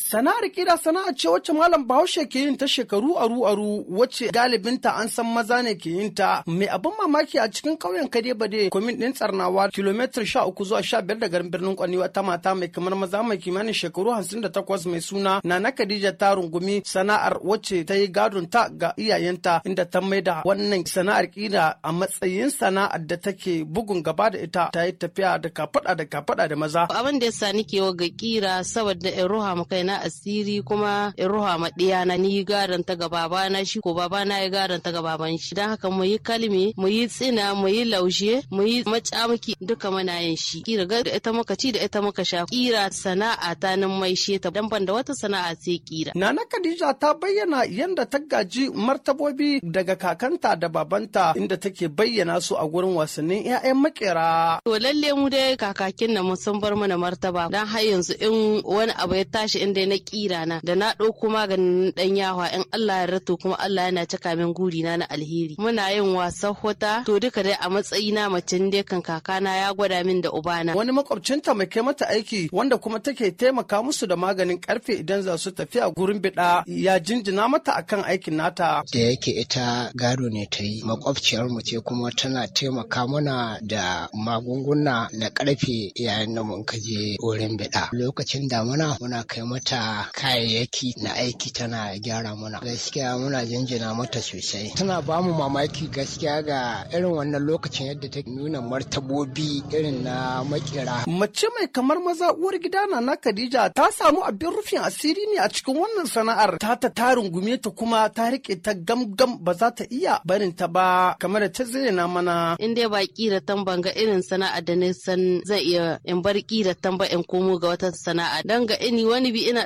Sana'ar kira sana'a ce wacce Malam Bahaushe ke yin ta shekaru aru aru wacce galibinta an san maza ne ke yin ta. Mai abin mamaki a cikin kauyen Kade komin din ɗin Tsarnawa kilomitar sha uku zuwa sha biyar da birnin kwaniwa wata mata mai kamar maza mai kimanin shekaru hamsin da takwas mai suna Nana Khadija ta rungumi sana'ar wacce ta yi gadon ta ga iyayenta inda ta maida wannan sana'ar kira a matsayin sana'ar da take bugun gaba da ita ta yi tafiya da kafaɗa da kafaɗa da maza. Abin da ya sani kewa wa ga kira saboda in ruha mu na asiri kuma in ruha ma ɗiya na ni garan ta ga babana shi ko babana ya garan ta ga baban shi dan haka mu yi kalmi mu yi tsina mu yi laushe mu yi macamki duka muna yin shi kira ga ita muka ci da ita muka sha kira sana'a ta nan mai sheta dan ban da wata sana'a sai kira nana Khadija ta bayyana yanda ta gaji martabobi daga kakanta da babanta inda take bayyana su a gurin wasannin 'ya'yan makera. To lalle mu dai kakakin nan mun bar mana martaba dan har yanzu in wani abu ya tashi inda na kira na da na ɗauko maganin ɗan yawa in Allah ya rato kuma Allah yana cika min guri na alheri muna yin wasa hota to duka dai a matsayi na mace da kan kakana ya gwada min da uba na. wani makwabcinta mai kai mata aiki wanda kuma take taimaka musu da maganin karfe idan za su tafi gurin biɗa ya jinjina mata akan aikin nata da yake ita gado ne ta yi makwabciyar mu ce kuma tana taimaka mana da magunguna na karfe yayin da mun kaje wurin biɗa. lokacin damuna muna kai mata mata kayayyaki na aiki tana gyara muna gaskiya muna jinjina mata sosai tana ba mu mamaki gaskiya ga irin wannan lokacin yadda ta nuna martabobi irin na makera mace mai kamar maza uwar gida na na Khadija ta samu abin rufin asiri ne a cikin wannan sana'ar ta ta tarin gume ta kuma ta rike ta gamgam ba za ta iya barin ta ba kamar ta zayyana mana in dai ba kira tamban ga irin sana'a da ne san zai iya in bar kira tamba in komo ga wata sana'a dan ga ini wani bi ina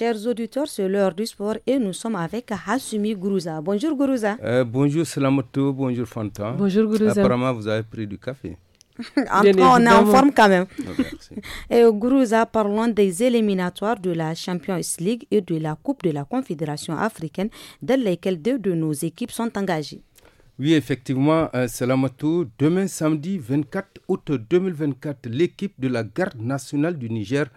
Chers auditeurs, c'est l'heure du sport et nous sommes avec Hassumi Gourouza. Bonjour Gourouza. Euh, bonjour Salamoto, bonjour Fantan. Bonjour Gourouza. Apparemment, vous avez pris du café. en on est en forme quand même. Oh, et Gourouza, parlons des éliminatoires de la Champions League et de la Coupe de la Confédération africaine, dans lesquelles deux de nos équipes sont engagées. Oui, effectivement, euh, Salamoto. Demain samedi 24 août 2024, l'équipe de la garde nationale du Niger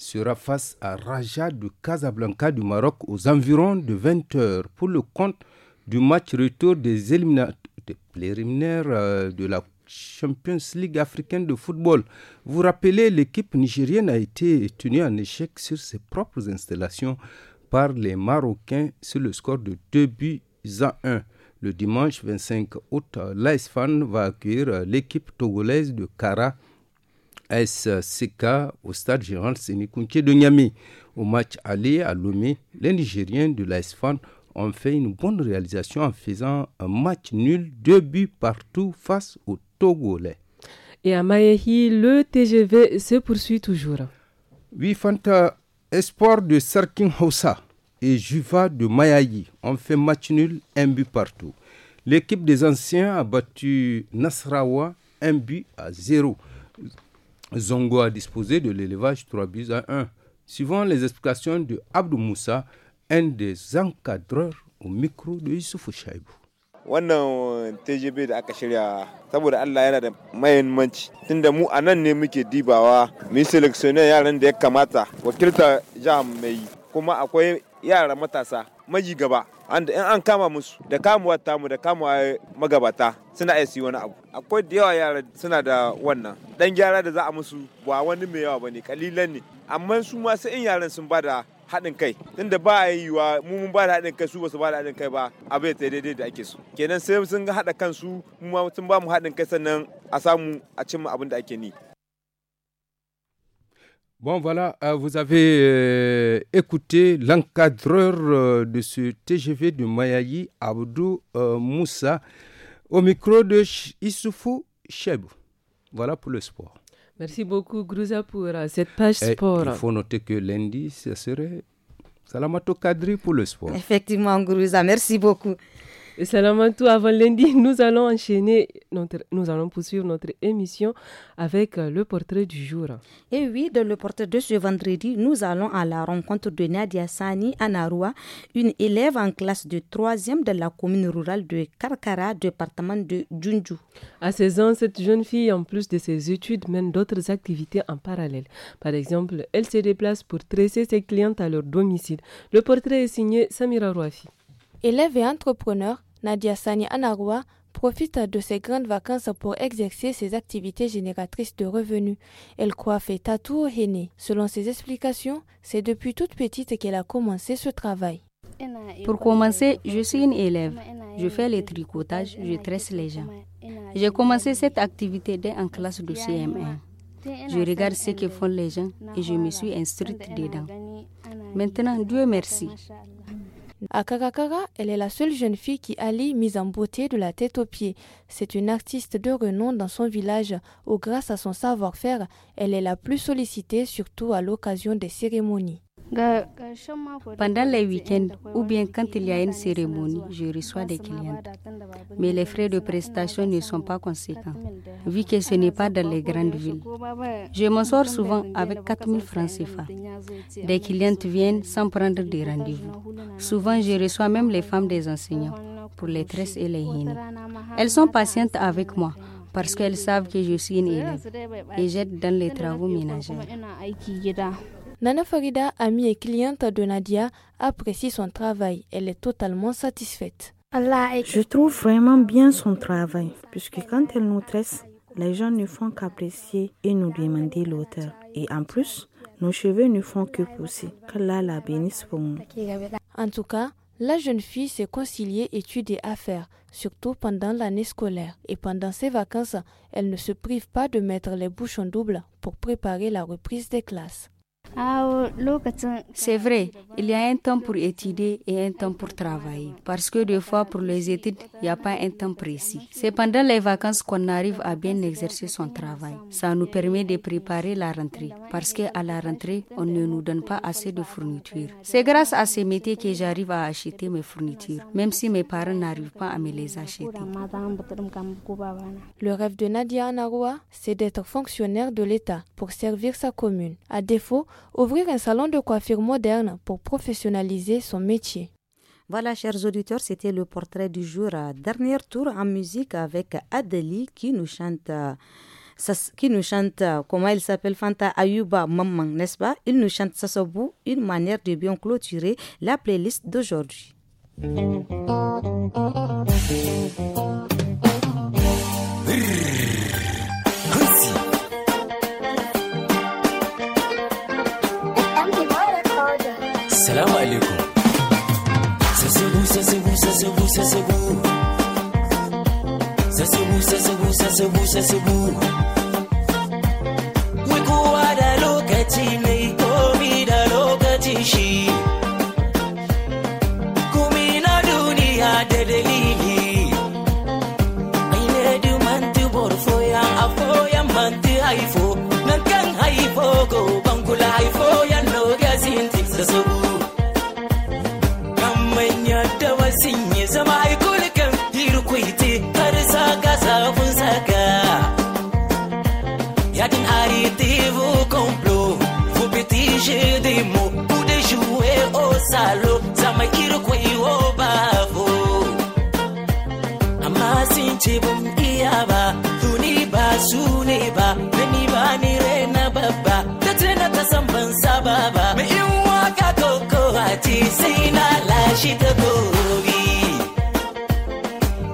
sera face à Raja de Casablanca du Maroc aux environs de 20h pour le compte du match retour des éliminaires euh, de la Champions League africaine de football. Vous rappelez, l'équipe nigérienne a été tenue en échec sur ses propres installations par les Marocains sur le score de 2 buts à 1. Le dimanche 25 août, Fan va accueillir euh, l'équipe togolaise de Kara SCK au stade général Sénékounké de Niamey. Au match aller à Lomé, les Nigériens de l'ASFAN ont fait une bonne réalisation en faisant un match nul, deux buts partout face aux Togolais. Et à Mayahi... le TGV se poursuit toujours. Oui, Fanta, Espoir de Sarkin Hausa et Juva de Mayahi... ont fait match nul, un but partout. L'équipe des anciens a battu Nasrawa, un but à zéro. Zongo a disposé de l'élevage 3 buts à 1, suivant les explications de Abdou Moussa, un des encadreurs au micro de Issoufou Chaibou. wannan tgb da aka shirya saboda allah yana da mahimmanci tunda mu a nan ne muke dibawa mu selectioner yaran da ya kamata wakilta jam mai kuma akwai yara matasa maji gaba in an kama musu da kamuwa mu da kamuwa magabata suna iya wani abu akwai da yawa yara suna da wannan dan gyara da za a musu ba wani mai yawa bane kalilan ne amma su ma sai in yaran sun bada haɗin kai tunda ba a yi wa mu mun ba da haɗin kai su ba su ba da haɗin kai ba abu ya daidai da ake so kenan sai sun haɗa kansu mu ma sun ba mu haɗin kai sannan a samu a cimma abin da ake ni Bon, voilà, euh, vous avez euh, écouté l'encadreur euh, de ce TGV du Mayaï, Abdou Moussa, au micro de Issoufou Voilà pour le sport. Merci beaucoup, Grouza, pour cette page eh, sport. il faut noter que lundi, ce serait Salamato Kadri pour le sport. Effectivement, Grouza, merci beaucoup. Et tout avant lundi. Nous allons enchaîner, nous allons poursuivre notre émission avec euh, le portrait du jour. Et oui, dans le portrait de ce vendredi, nous allons à la rencontre de Nadia Sani Anaroua, une élève en classe de 3e de la commune rurale de Karkara, département de Djundju. À 16 ans, cette jeune fille, en plus de ses études, mène d'autres activités en parallèle. Par exemple, elle se déplace pour tresser ses clientes à leur domicile. Le portrait est signé Samira Rouafi. Élève et entrepreneur, Nadia Sani Anarwa profite de ses grandes vacances pour exercer ses activités génératrices de revenus. Elle coiffe et tatoue henné. Selon ses explications, c'est depuis toute petite qu'elle a commencé ce travail. Pour commencer, je suis une élève. Je fais les tricotages, je tresse les gens. J'ai commencé cette activité dès en classe de CM1. Je regarde ce que font les gens et je me suis instruite dedans. Maintenant, Dieu merci. À Karakara, elle est la seule jeune fille qui allie mise en beauté de la tête aux pieds. C'est une artiste de renom dans son village où grâce à son savoir-faire, elle est la plus sollicitée surtout à l'occasion des cérémonies. Pendant les week-ends ou bien quand il y a une cérémonie, je reçois des clientes. Mais les frais de prestation ne sont pas conséquents, vu que ce n'est pas dans les grandes villes. Je m'en sors souvent avec 4000 francs CFA. Des clientes viennent sans prendre de rendez-vous. Souvent, je reçois même les femmes des enseignants pour les tresses et les hymnes. Elles sont patientes avec moi parce qu'elles savent que je suis une élève et j'aide dans les travaux ménagers. Nana Farida, amie et cliente de Nadia, apprécie son travail. Elle est totalement satisfaite. Je trouve vraiment bien son travail, puisque quand elle nous tresse, les gens ne font qu'apprécier et nous demander l'auteur. Et en plus, nos cheveux ne font que pousser. la bénisse pour En tout cas, la jeune fille s'est conciliée études et affaires, surtout pendant l'année scolaire. Et pendant ses vacances, elle ne se prive pas de mettre les bouchons doubles pour préparer la reprise des classes. C'est vrai, il y a un temps pour étudier et un temps pour travailler. Parce que des fois, pour les études, il n'y a pas un temps précis. C'est pendant les vacances qu'on arrive à bien exercer son travail. Ça nous permet de préparer la rentrée. Parce qu'à la rentrée, on ne nous donne pas assez de fournitures. C'est grâce à ces métiers que j'arrive à acheter mes fournitures, même si mes parents n'arrivent pas à me les acheter. Le rêve de Nadia nawa c'est d'être fonctionnaire de l'État pour servir sa commune. À défaut, ouvrir un salon de coiffure moderne pour professionnaliser son métier. Voilà, chers auditeurs, c'était le portrait du jour. Euh, dernier tour en musique avec Adélie qui nous chante, euh, qui nous chante, euh, comment elle s'appelle, Fanta Ayuba Maman, n'est-ce pas Il nous chante Sasobu, une manière de bien clôturer la playlist d'aujourd'hui. Assalamu alaikum. Sasebu, sasebu, sasebu, sasebu. Sasebu, sasebu, sasebu, sasebu. Wai kowa da lokaci mai Kumi na duniya da dalili. Ai du haifo. Nan haifo, go kula haifo, ya no gazin tik sasebu. ce ban iya ba duni ba su ne ba gani ba ni na babba ta ce na ta san ban saba ba mai in waka kokowa ce sai na lashe ta gobe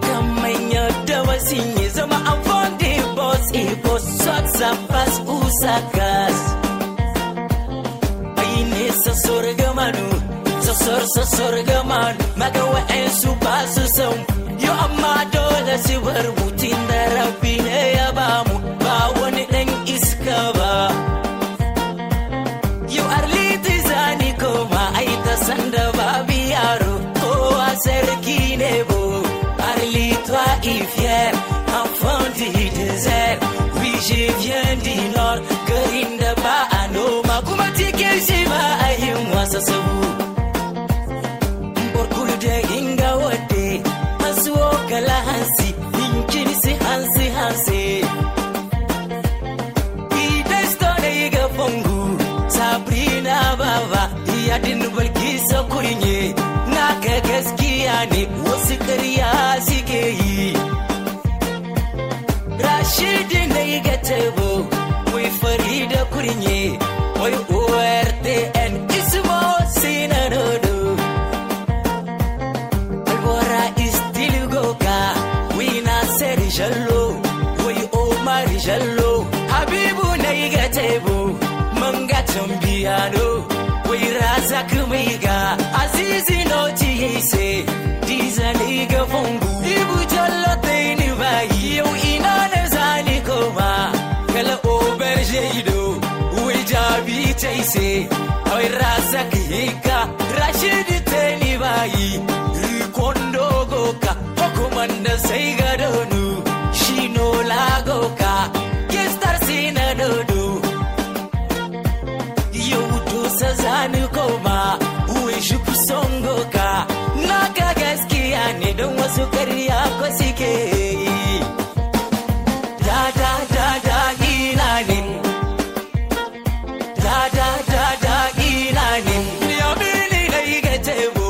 kamar yadda wasu ya zama a fondi boss ibo eh, socks a pass usa gas bai nesa sorgamanu sassar sassar gamanu maga wa'ansu ba su san amma dole su bar da rabbi ne ya ba mu ba wani ɗan iska ba yau arliti zani koma aita sanda babu yaro kowa sarki ne bo arlito enfant du désert oui je viens du nord garin da ba a noma kuma cikin shi ba a yin wasa sabu Kurinye na ka gaskiya ne wasu rashidi na yi ga tebo wai fari da kurnye wai ortn ismo sinanodo albora istil goka wai nasir shallo wai habibu na yi zakmiga azizi no nojiyese dizaliga fungu ibu jallatayni baay'ee ina nezani koma kala oberjeedo wijabi teese awirra kika, rashidi teni baayi kondo goka okumanda sayigadonu shino lagoka. wasu karya ko suke yi da da da da ilanin da da da da ilanin ya bini dai ga tebo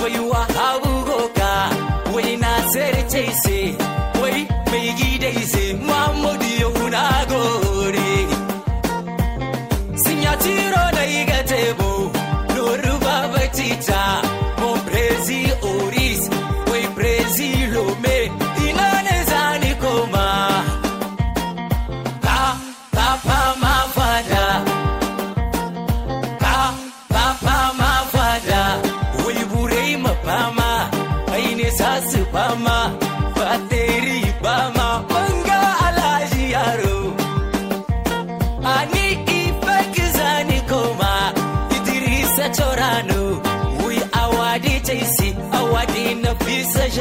wai wa abu goka wai na sai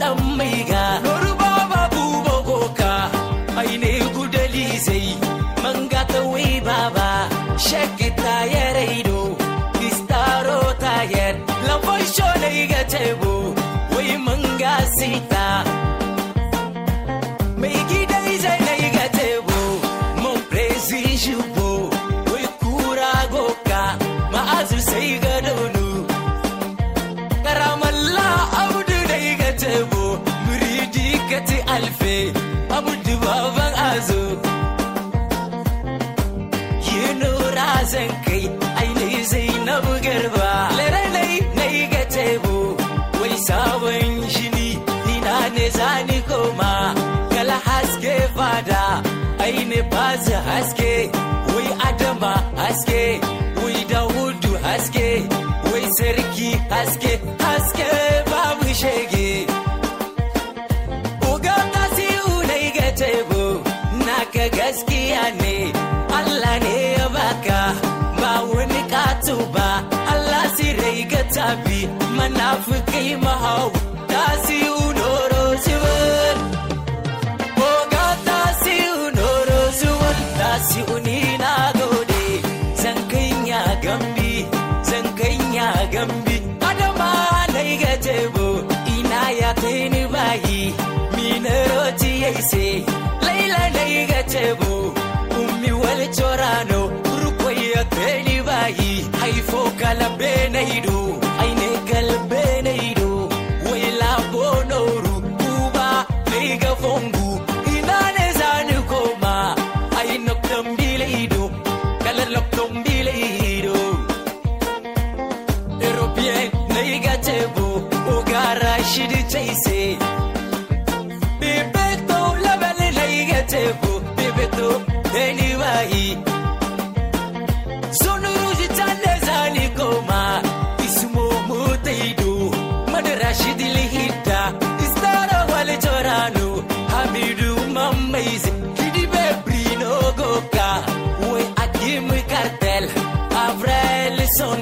dan mai ga Yoruba babu bogoka aine gudali zai manga ta baba shagge ta ya raido kistaro ta yar lafai shonai ga ni koma kala haske fada ai ne fasi haske wai adama haske wai dahudu haske wai sarki haske haske babu shege uga tebu na ga gaskiya ne Allah ne ya baka ba wani katu ba Allah sirai ga tafi manafi kai mahawa ji'uni na gode zan kanya gambi zan kanya gambi adama nai ga tebo ina ya kai ni bayi mi na roti yai se laila nai ga tebo ummi wal chorano rukoya kai ni bayi haifo kalabe na hidu baay'ee. Sunuun jitaanee isaanii kooma ismoo moota hidhuu madara shidili hidha istaara wal choraanu Son.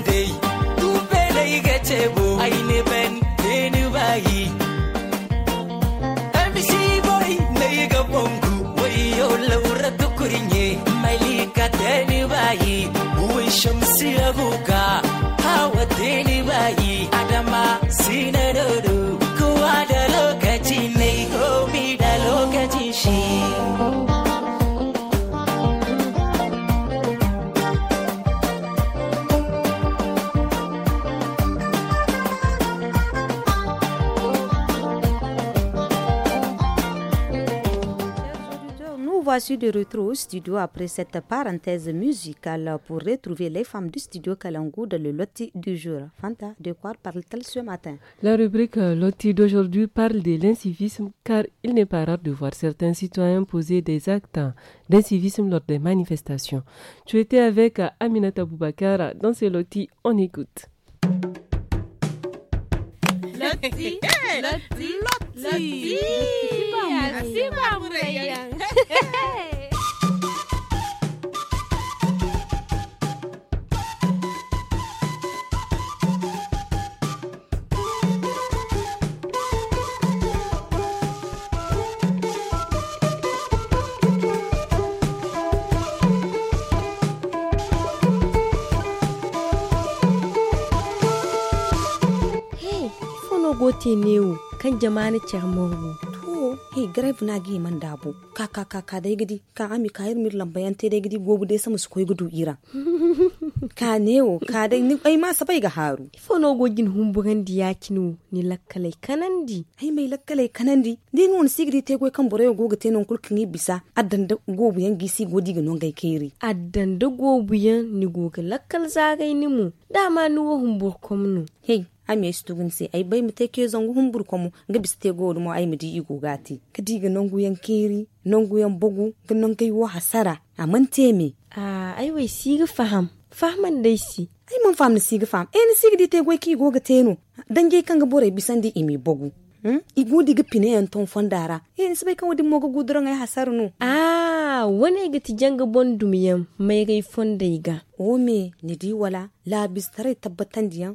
voici de retour au studio après cette parenthèse musicale pour retrouver les femmes du studio Kalangou dans le loti du jour. Fanta, de quoi parle-t-elle ce matin La rubrique euh, loti d'aujourd'hui parle de l'incivisme car il n'est pas rare de voir certains citoyens poser des actes d'incivisme lors des manifestations. Tu étais avec Aminata Boubacar dans ce loti, on écoute. Loti. Loti. si Loti. Loti. gote te kan jamani cer morgo to he grave na gi man dabo ka ka ka ka dai gidi ka ami ka yir mir lambayan te dai gidi gobu dai sama su koy gudu ira ka newo ka dai ni ai ma sabai ga haru ifo no gogin humburan di kino ni lakkalai kanandi ai mai lakkalai kanandi din won sigri te goy kan borayo goga te non kulkin bisa addan da gobu yan gisi godi ga non gai kairi addan da gobu yan ni goga lakkal zagai ni mu dama nuwo humbu komnu hey ame shi tugun se ai bai mu te ke zongu humbur ko mu ga biste te godu mo ai mudi di igu gati kidi ga nongu yan kiri nongu yan bugu ga non kai wa hasara amman te me a ai wai si ga faham fahman dai si ai mun faham si ga faham en eh, si ga di te go ki go ga teno dan ge kan ga bore bisan di imi bugu Hmm? igu diga pine yan ton fondara yen eh, bai kan wadin moga gudura ngai hasar nu ah wane ga janga bon dumiyam mai gai fonda iga o me ni di wala la bistare tabbatan diyan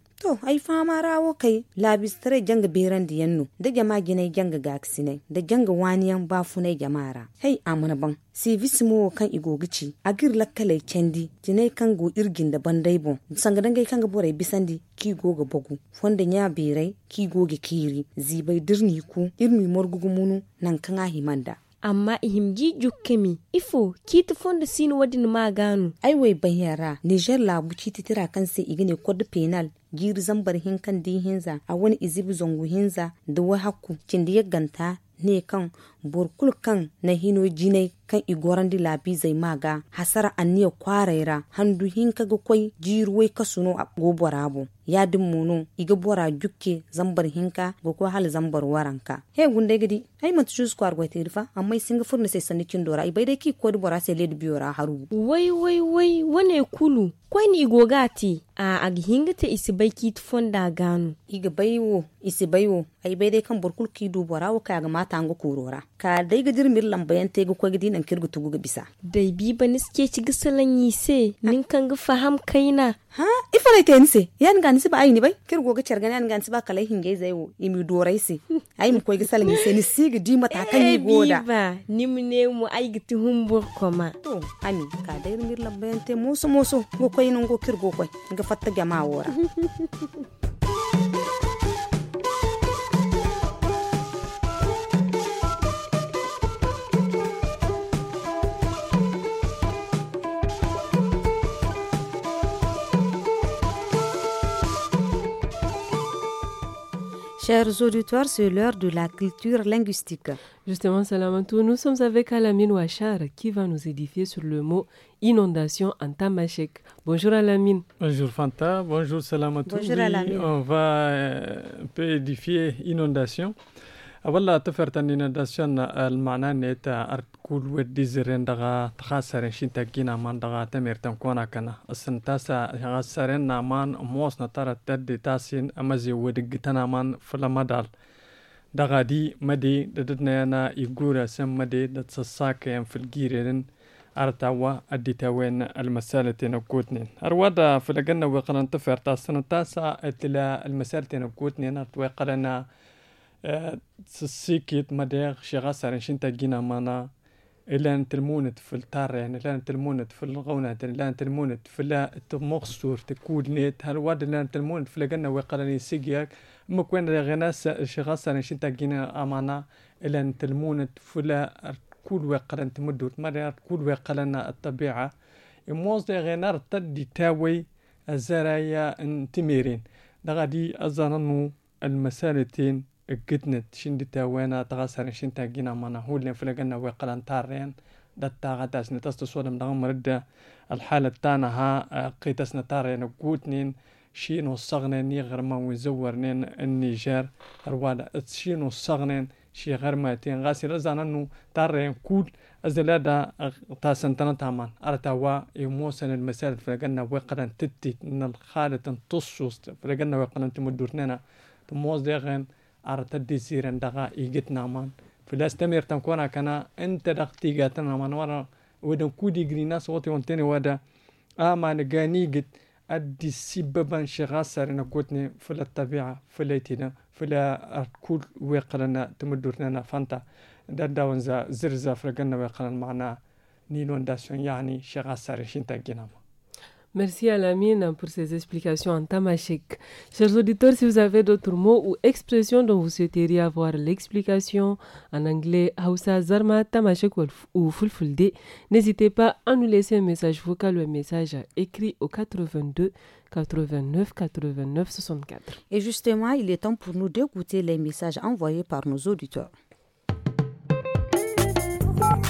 to ai fama rawo kai labistare janga beran da yannu da jama ginai janga gaksinai da janga waniyan bafunai jamara hey amuna ban si visimo kan igogici agir lakkalai kendi jinai kan go irgin da bandai bon sanga dangai kan ga bisandi ki goga bogu fonda nya berai ki goga kiri zibai dirni ku irmi morgugu munu nan kan ahimanda amma ihimgi jukkemi ifo kiti fonda sini wadin maganu aiwai bayara niger labu kiti tira kansa igine kod penal giri zambar hinkan di hinza a wani izibu zongu hinza da wahaku cindi ya ganta ne kan burkulkan kan na hino jinai kan di labi zai maga hasara aniya kwaraira handu hinka ga kwai jiruwai kasuno a goborabu ya mono iga bora jukke zambar hinka go ko hal zambar waranka he gunde gidi ai matu jus kwar gwa tirfa amma singa furna sai sanikin dora ibai dai ki ko bora sai led biora haru wai wai wai wane kulu kwai ni gogati a aghinga ta isibai ki da gano iga baiwo isibaiwo ai bai dai kan burkul ki dubora ka ga mata ngo korora ka dai gajir mir lambayan te ga kwagidi nan kirgu tugu ga bisa dai bi ba niske ci ga salan yi se nin kan ga faham kaina ha ifarai ta nise yan ni gani ba ayi ni bai kirgo ga chargana yan ni gani ba kalai hinge zai wo imi dorai se ayi mu kwagi salan yi se ni si ga di mata kan yi eh, goda ba ni mu ne mu ayi ga ti humbur koma to ami ka dai mir lambayan te musu, moso go kwai nan go kirgu kwai ga fatta gama wora Chers auditeurs, c'est l'heure de la culture linguistique. Justement, Salamatou, nous sommes avec Alamine Ouachar qui va nous édifier sur le mot inondation en tamashek. Bonjour Alamine. Bonjour Fanta, bonjour Salamatou. Bonjour Alamine. on va euh, un peu édifier inondation. أولا ولا تفرتنين داسشان المعنى نتا نيتا أرتكول زرين دغا تخاسرين شين تاكينا مان دغا تميرتن كونا كنا أسن تاسا غاسرين نامان موس نتارا تدي تاسين أمزي أمازي ودقتنا مان مدال دغا دي مدي ددنا ينا يقورا سم مدي دتسساكين في الجيرين أرتاوا أدي أديتاوين المسالتين وكوتنين أروادا فلقنا وقلن تفرتا سنتاسا إتلا المسالة المسالتين وكوتنين أرتوي قلنا آه، سيكيت مدير شغا شنتا جينا مانا إلا نتلمونت في التار يعني إلا نتلمونت في الغونة يعني إلا نتلمونت في لا تمغسور تكود نيت هالواد إلا نتلمونت في لقنا ويقراني سيجياك مكوين غنا شغا شنتا جينا مانا إلا نتلمونت في لا كل ويقال ويقران تمدو تمرير كل ويقال ويقران الطبيعة إموز دي غنار تدي تاوي الزرايا انتميرين لغادي أزرنو المسالتين gitnet shindita wena tagasar shinta gina mana hulen fulagana we qalantarren dattaga tasne tasto sodam da marda الحالة تانا ها قيتسنا تارين قوتنين شين وصغنين يغر ما وزورنين النيجر روادا شين وصغنين شي غير ما تين غاسي رزان انو تارين كول ازلادا تاسن تانا تامان ارتاوا يموسن المسال فلقنا ويقرن تتي ان الخالة تصوص فلقنا ويقرن تمدورنينا تموز ديغن أرتدي سيرن دغا إيجت نامان فلاستمر تمكونا كنا أنت دغتي جاتنا نامان ورا ودن كودي غرينا صوتي وانتني ودا آما نغاني جت أدي سببا شغاسر نكوتني فلا الطبيعة فليتنا فلا كل ويقرنا تمدورنا فانتا دادا ونزا زرزا فرقنا ويقرن معنا نيلون داسون يعني شغاسر شنتا جنام Merci à la mine pour ces explications en tamashek. Chers auditeurs, si vous avez d'autres mots ou expressions dont vous souhaiteriez avoir l'explication en anglais, Hausa, Zarma, Tamashek ou Fulfulde, n'hésitez pas à nous laisser un message vocal ou un message écrit au 82 89 89 64. Et justement, il est temps pour nous d'écouter les messages envoyés par nos auditeurs.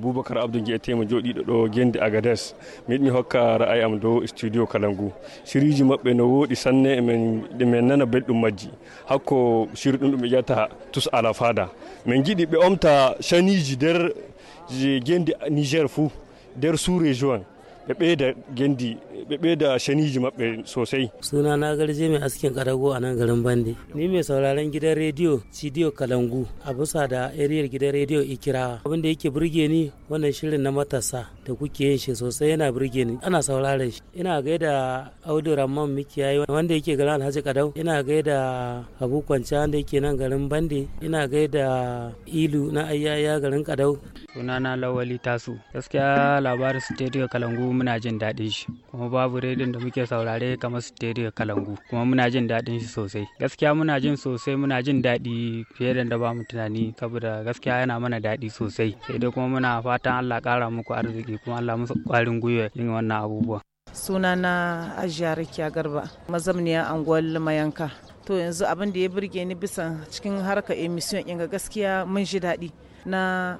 abubakar abdou guete jooɗiɗo ɗo gendi agades mi yiɗi mi hokka ra'ayi am dow studio kala ngu siriji maɓɓe no woɗi sanne emen ɗumen e nana belɗum majji hakko siri ɗum ɗum ɓe ƴetta tous ala fada min jiɗi ɓe omta chaniji nder gendi niger fou nder sous région bebe da gendi bebe da shaniji maɓe sosai suna na garje mai askin karago a nan garin bande ni mai sauraron gidan rediyo cidiyo kalangu a bisa da ariyar gidan rediyo ikira abinda yake burge ni wannan shirin na matasa da kuke yin shi sosai yana burge ni ana sauraron shi ina gaida audu ramman mikiyayi wanda yake garin alhaji kadau ina gaida abu kwanci wanda yake nan garin bande ina gaida ilu na ayyaya garin kadau sunana lawali tasu gaskiya labarin studio kalangu muna jin daɗin shi kuma babu redin da muke saurare kamar su stereo kalangu kuma muna jin daɗin shi sosai gaskiya muna jin sosai muna jin daɗi fiye da ba mu tunani saboda gaskiya yana mana daɗi sosai sai dai kuma muna fatan Allah ƙara muku arziki kuma Allah musu ƙwarin gwiwa yin wannan abubuwa suna ajiya rakiya garba mazamniya anguwar mayanka to yanzu abin da ya burge ni bisa cikin harka emission inga gaskiya mun ji daɗi na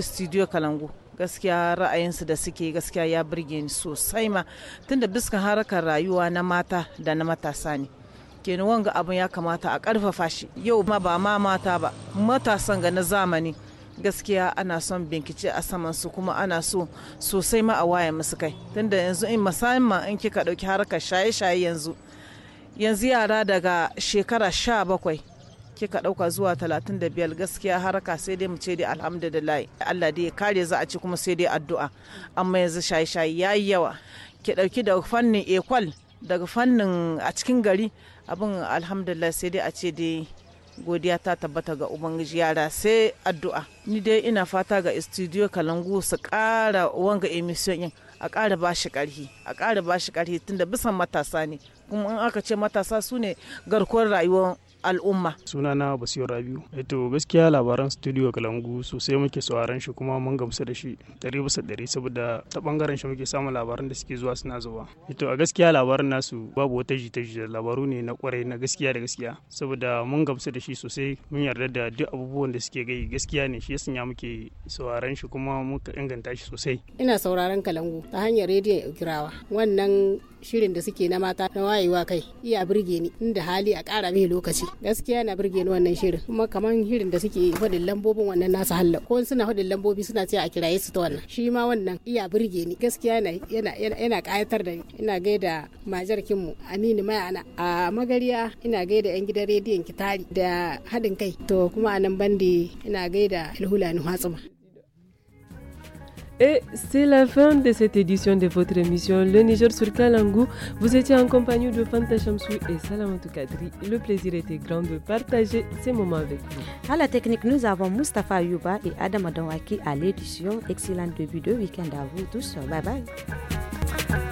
studio kalangu gaskiya ra'ayinsu da suke gaskiya ya burge ni sosai ma tunda biskan harkar rayuwa na mata da na matasa ne kenan wanga abin ya kamata a karfafa shi yau ma ba ma mata ba matasan ga na zamani gaskiya ana son binkice a saman su kuma ana so sosai ma a waye musu kai tunda yanzu in musamman in kika dauki harkar shaye-shaye yanzu yanzu yara daga shekara sha bakwai kika dauka zuwa 35 gaskiya haraka sai dai mu ce dai alhamdulillah Allah dai ya kare za a ci kuma sai dai addu'a amma yanzu shayi shaye yi yawa ki dauki daga fannin ekwal daga fannin a cikin gari abin alhamdulillah sai dai a ce dai godiya ta tabbata ga ubangiji yara sai addu'a ni dai ina fata ga studio kalangu su kara wanga emission yin a kara bashi karhi a kara bashi karfi tunda bisan matasa ne kuma in aka ce matasa su ne garkuwar rayuwar al'umma. Sunana Basiru Rabiu. Eto eh gaskiya labaran studio Kalangu sosai muke sauraron shi kuma mun gamsu da shi dari bisa dari saboda ta bangaren shi muke samun labaran da suke zuwa suna zuwa. Eto eh a gaskiya labaran nasu babu wata jita jita labaru ne na kwarai na gaskiya da gaskiya saboda mun gamsu da shi sosai mun yarda da duk abubuwan da suke gai gaskiya ne shi sanya muke sauraron shi kuma muka inganta shi sosai. Ina sauraron Kalangu ta hanyar rediyon Ikirawa wannan shirin da suke na mata na wayewa kai iya birge ni inda hali a kara mai lokaci gaskiya na birge ni wannan shirin kuma kamar shirin da suke hudin lambobin wannan nasu halla ko suna hudin lambobi suna cewa a kiraye su ta wannan shi ma wannan iya birge ni gaskiya yana yana kayatar da ni ina gaida majar kinmu Aminu mai ana a magariya ina gaida yan gidan rediyon kitari da haɗin kai to kuma a nan bandi ina gaida alhula ni hatsuma Et c'est la fin de cette édition de votre émission Le Niger sur Kalangou. Vous étiez en compagnie de Fanta Chamsou et Salamatou Kadri. Le plaisir était grand de partager ces moments avec vous. À la technique, nous avons Mustafa Yuba et Adam Adonwaki à l'édition. Excellent début de week-end à vous tous. Bye bye.